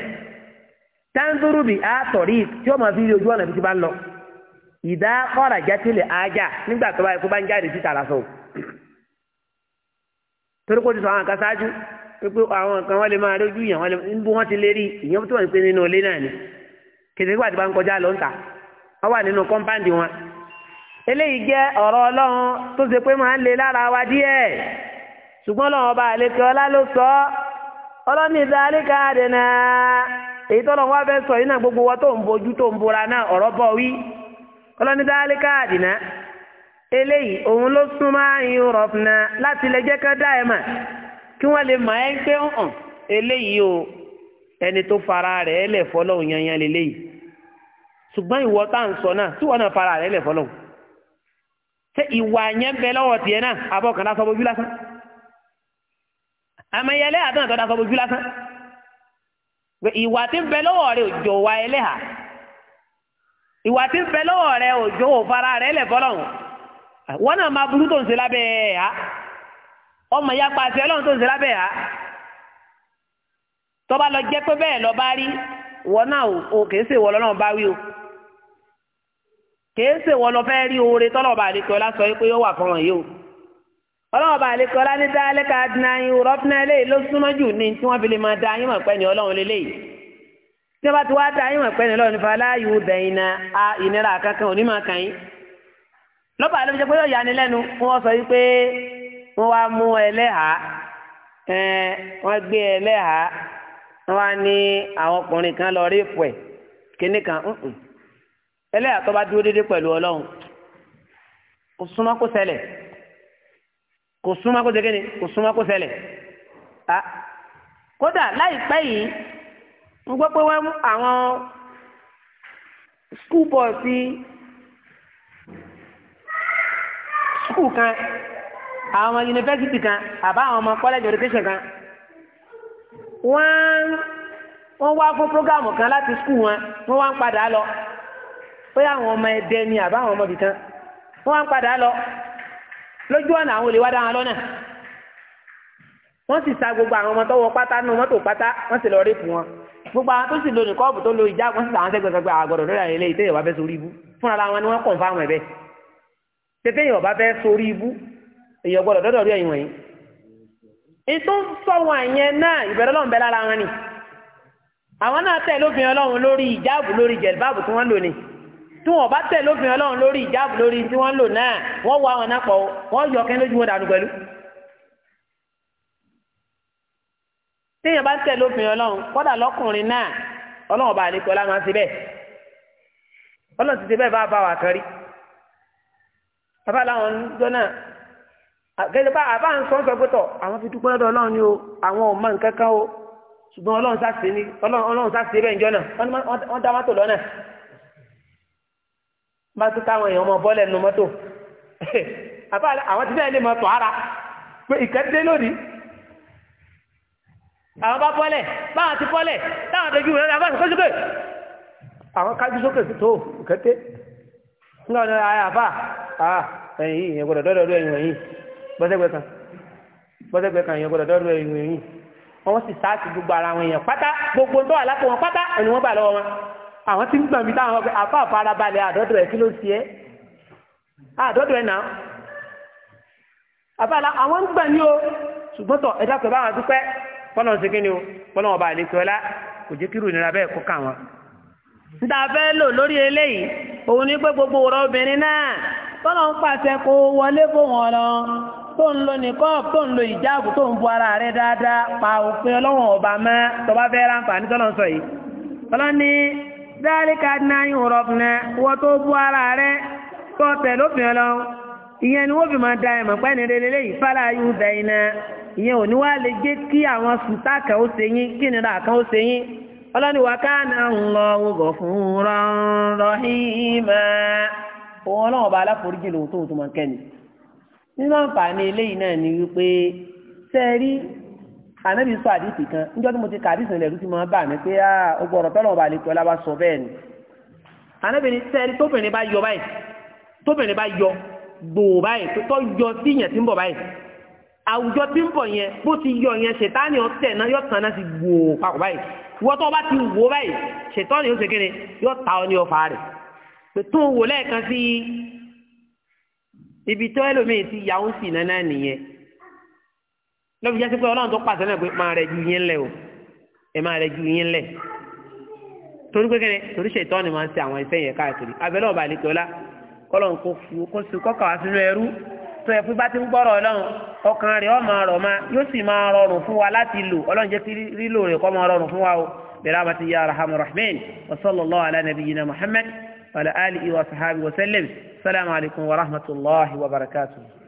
a tọ̀rí tí ọmọ fi rí ojú ọ̀nà bí ti bá ń lọ ìdá kọ́ra jẹ́tìlẹ̀ ajá nígbà tó báyìí kó bá ń jáde torí ti sọ àwọn kan ṣáájú pé àwọn kan wọ́n lè máa lójú yàn wọ́n lè ń bú wọ́n ti lé rí ìyẹn tó wọ́n ń pè nínú ilé náà ni kìtìkì eléyìí ije ọ̀rọ̀ ọlọ́run tó ṣe pé máa ń le lára wa díẹ̀ ṣùgbọ́n ọlọ́run ọba àlekè ọlá ló sọ ọlọ́ni ìdáríkà àdènà èyí tọ́lọ́ wá fẹ́ sọ yìí gbogbo wọn tó ń bojú tó ń bora náà ọ̀rọ̀ bọ̀ wí ọlọ́ni ìdáríkà àdènà eléyìí òun ló súnmọ́ ayò rọ̀fìnà láti lè jẹ́ ká dá o ẹni fara rẹ̀ lẹ̀ ṣé ìwà yẹn bẹ lọ́wọ́ tiẹ̀ náà àbọ̀ kan lásán bójú lásán àmọ́ ìyá ẹlẹ́hà tán àtọ́dá sọ bójú lásán ìwà tí ń bẹ lọ́wọ́ rẹ òjò wa ẹlẹ́hà ìwà tí ń bẹ lọ́wọ́ rẹ òjò òfara rẹ lẹ̀ fọlọ́hùn wọn náà máa burú tó ń ṣe lábẹ́ ẹ̀ ha ọmọ ìyá pa àṣẹ ọlọ́run tó ń ṣe lábẹ́ ẹ̀ ha tọ́ba lọ jẹ́ pé bẹ́ẹ̀ lọ bá rí wọn náà ò kèé o. kèé ṣe wọ́n lọ fẹ́ rí oore tọ́lọ́ọ̀bà àlekọ́lá sọ pé ó wà fún wọn yìí o ọlọ́ọ̀bà àlekọ́lá ní dáálẹ́ka dínáyìn rọ́fúnà eléyìí ló súnmọ́ jù ní tí fi da yín ní tí bá ti wá da yín mọ̀ pẹ́ ní ọlọ́run nípa aláyù dẹ̀yìn na a ìnira kankan máa kàn yín pé kan lọ rí kíní kan ẹlẹ́yà tó bá dúró déédéé pẹ̀lú ọlọ́run kò súnmọ́ kó ṣẹlẹ̀ kò súnmọ́ kó ṣe kíni kò súnmọ́ kó ṣẹlẹ̀ a kódà láìpẹ́ yìí ń gbọ́ pé wọ́n àwọn skul bọ́ọ̀ sí skul kan àwọn ọmọ yunifásitì kan àbá àwọn ọmọ college education kan wọ́n wọ́n wá fún programu kan láti skul wọn wọ́n wá ń padà lọ bóyá àwọn ọmọ ẹdẹ ni àbá àwọn ọmọ bìkan wọ́n wá ń padà lọ lójú ọ̀nà àwọn olè wá dá wọn lọ́nà wọ́n sì sa gbogbo àwọn ọmọ tọwọ́ pátá nù mọ́tò pátá wọ́n sì lọ rẹ́pù wọn gbogbo àwọn tó sì lo nìkọ́ọ̀bù tó lo ìjà wọ́n sì sàwọn sẹ́gbẹ̀sẹ̀gbẹ̀ àgọ́dọ̀ lórí àyẹlẹ ìtẹ́yẹ̀ wá fẹ́ sórí ibú fúnra ra wọn ni wọ́n kàn fáwọn ẹ̀bẹ̀ tẹ́tẹ́yẹ̀ wá fẹ́ sórí ibú èèyàn gbọ́dọ̀ dọ́dọ̀ rí ẹ̀yìn wọ̀nyí. ètò sọ̀wọ́n àyẹn náà ìbẹ̀rẹ̀ lọ́n bẹ lára wọn ni àwọn náà tẹ̀ lóbìnrin ọlọ́run lórí ìjáàbù lórí jẹ̀lbáàbù tí wọ́n lò ní tí wọ́n bá tẹ̀ lófin ọlọ́run lórí ìjáàbù lórí tí wọ́n lò náà wọ́n wọ àwọn náà pọ̀ yọ kẹ́ lójú wọn dànù pẹ̀lú. téèyàn bá tẹ̀ lófin ọlọ́run kọ́dà lọ́kùnrin náà ọlọ́run bá àlekọ́ lámà sí bẹ́ẹ̀ ọlọ́run ti ṣe bẹ́ẹ̀ bá bá wà kárí. bàbá làwọn jọ náà gẹ́gẹ́ bá àbá bá tún káwọn èèyàn mọ bọ́ọ̀lù ẹnu mọ́tò àbá àwọn tí náà lè mọ tọ́ ara pé ìkẹ́dé lónìí àwọn bá bọ́ọ̀lẹ̀ báwọn ti bọ́ọ̀lẹ̀ táwọn àtẹ̀jú rẹ̀ àbá sọ́jú pé àwọn kájú sókè tó ìkẹ́dé ńlá ọ̀nà àyàfà ẹ̀yìn ìyẹn gbọ́dọ̀ dọ́dọ̀ ẹ̀yìn ẹ̀yìn bọ́sẹ̀gbẹ̀ kan bọ́sẹ̀gbẹ̀ kan ìyẹn gbọ́dọ̀ dọ́dọ̀ ẹ̀yìn ẹ̀yìn wọ́n sì sáàtì gbogbo ara wọn èèyàn pátá gbogbo tó wà lápò wọn pátá ẹni wọ́n bà lọ́wọ́ wọn àwọn tí ń gbọ̀n mi táwọn ọ̀fẹ́ àfa àfarabalẹ̀ kí ló ṣe é àdọ́dọ̀ ẹ̀ náà àfàlà àwọn ń ní o ṣùgbọ́n tọ̀ ẹ̀dá pẹ̀lú àwọn dúpẹ́ pọ́nà ṣe kíni o pọ́nà ọba àlejò kò jẹ́ kírù ìnira bẹ́ẹ̀ kó kà fẹ́ lò lórí eléyìí òun ní pé gbogbo obìnrin náà ń pàṣẹ kó wọlé fún wọn lọ tó ń lo tó ara rẹ dáadáa pa òfin ọba mọ́ tọ́ba dáríkà náà yóò rọ̀bùnà wọ́n tó bú ara rẹ̀ tó tẹ̀ lófin ọlọ́run ìyẹn ni wọ́n fi máa da ẹ̀mọ̀ pẹ́ ní relé yìí fálá yóò bẹ̀ iná ìyẹn ò ní wá lè jẹ́ kí àwọn sùtá kan ó se yín kí nira kan ó yín ọlọ́ni wa káàná ń lọ wọ́gọ̀ fún rọ́nrọ́hìnmá òun ànábì sọ àdìsí kan níjọ́ tí mo ti kà àdìsí rẹ̀ lùtì máa bà mí pé ah, ó gbọ́dọ̀ tọ́lọ̀ ọba àlejò ọlá bá sọ bẹ́ẹ̀ ni ànábì ní sẹ́ẹ̀rí tóbìnrin bá yọ báyìí tóbìnrin bá yọ gbòò báyìí tó yọ sí ìyẹn tí ń bọ̀ báyìí àwùjọ tí ń bọ̀ yẹn bó ti yọ yẹn ṣètánì ọ̀tẹ̀ náà yọ tàn náà ti gbòò papọ̀ báyìí ìwọ tó o bá ti wò báyìí ṣètánì lọ́bi jẹ́ pé ọlọ́run tó pàṣẹ náà pé máa rẹ̀ ju yín lẹ̀ o ẹ máa rẹ̀ ju yín lẹ̀ torí pé kẹ́rẹ́ torí ṣètọ́ ni máa ń ṣe àwọn iṣẹ́ yẹn káàkiri abẹ́lẹ́ ọba àlejò ọlá kọ́lọ́n kó fu kó su kọ́kà wá sínú ẹrú tó fún bá ti ń gbọ́rọ̀ ọlọ́run ọkàn rẹ̀ máa rọ̀ ma yóò sì máa rọrùn fún wa láti lò ọlọ́run jẹ́ kí lílò rẹ̀ kó máa rọrùn fún wa o rahman يا wa wa wa wa